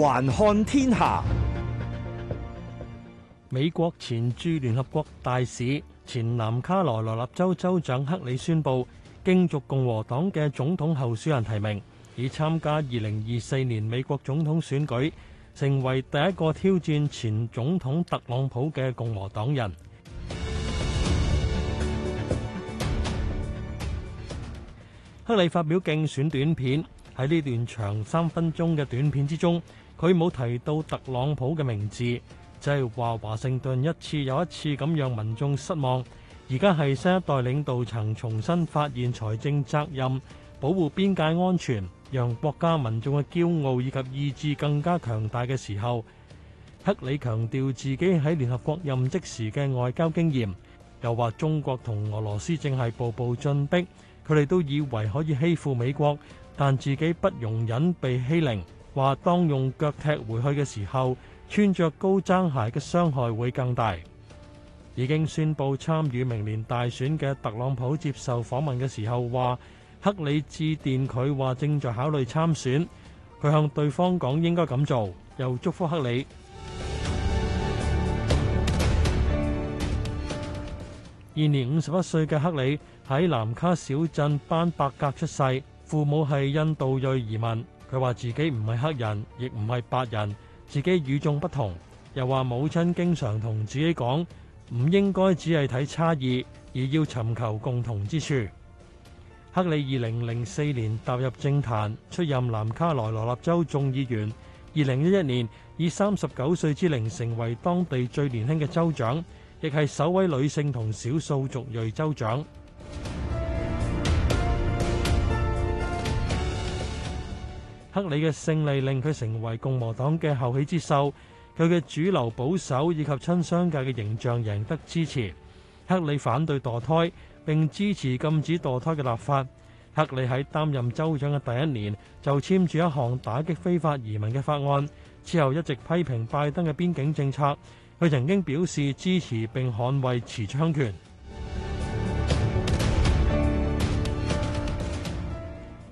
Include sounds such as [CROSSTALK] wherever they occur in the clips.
環看天下，美國前駐聯合國大使、前南卡羅來納州州長黑利宣布，競逐共和黨嘅總統候選人提名，以參加二零二四年美國總統選舉，成為第一個挑戰前總統特朗普嘅共和黨人。黑利發表競選短片，喺呢段長三分鐘嘅短片之中。佢冇提到特朗普嘅名字，就係話華盛頓一次又一次咁讓民眾失望。而家係新一代領導層重新發現財政責任、保護邊界安全、讓國家民眾嘅驕傲以及意志更加強大嘅時候，黑利強調自己喺聯合國任職時嘅外交經驗，又話中國同俄羅斯正係步步進逼，佢哋都以為可以欺負美國，但自己不容忍被欺凌。話當用腳踢回去嘅時候，穿着高踭鞋嘅傷害會更大。已經宣佈參與明年大選嘅特朗普接受訪問嘅時候，話黑利致電佢，話正在考慮參選。佢向對方講應該咁做，又祝福黑利。 [MUSIC] 現年五十一歲嘅黑利喺南卡小鎮班伯格出世，父母係印度裔移民。佢話自己唔係黑人，亦唔係白人，自己與眾不同。又話母親經常同自己講，唔應該只係睇差異，而要尋求共同之處。黑利二零零四年踏入政壇，出任南卡羅來納州眾議員。二零一一年以三十九歲之齡成為當地最年輕嘅州長，亦係首位女性同少數族裔州長。黑利嘅勝利令佢成為共和黨嘅後起之秀，佢嘅主流保守以及親商界嘅形象贏得支持。黑利反對墮胎並支持禁止墮胎嘅立法。黑利喺擔任州長嘅第一年就簽署一項打擊非法移民嘅法案，之後一直批評拜登嘅邊境政策。佢曾經表示支持並捍衞持槍權。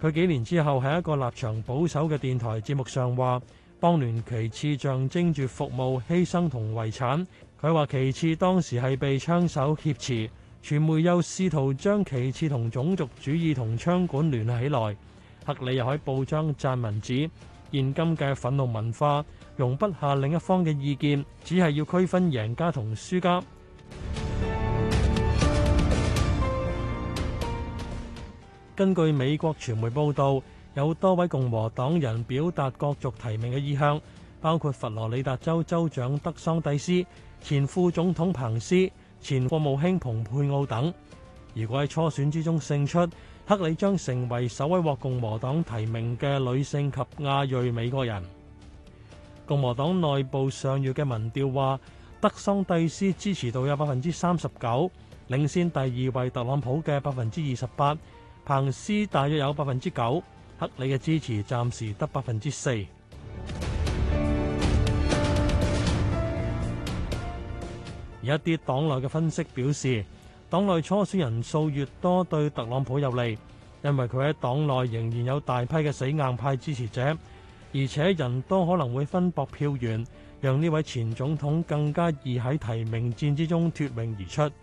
佢幾年之後喺一個立場保守嘅電台節目上話：邦聯其次象徵住服務、犧牲同遺產。佢話其次當時係被槍手挾持，傳媒又試圖將其次同種族主義同槍管聯繫起來。克里又喺報章撰文指，現今嘅憤怒文化容不下另一方嘅意見，只係要區分贏家同輸家。根據美國傳媒報道，有多位共和黨人表達角逐提名嘅意向，包括佛羅里達州州長德桑蒂斯、前副總統彭斯、前國務卿蓬佩奧等。如果喺初選之中勝出，黑利將成為首位獲共和黨提名嘅女性及亞裔美國人。共和黨內部上月嘅民調話，德桑蒂斯支持度有百分之三十九，領先第二位特朗普嘅百分之二十八。彭斯大約有百分之九，克里嘅支持暫時得百分之四。而一啲黨內嘅分析表示，黨內初選人數越多對特朗普有利，因為佢喺黨內仍然有大批嘅死硬派支持者，而且人多可能會分薄票源，讓呢位前總統更加易喺提名戰之中脱穎而出。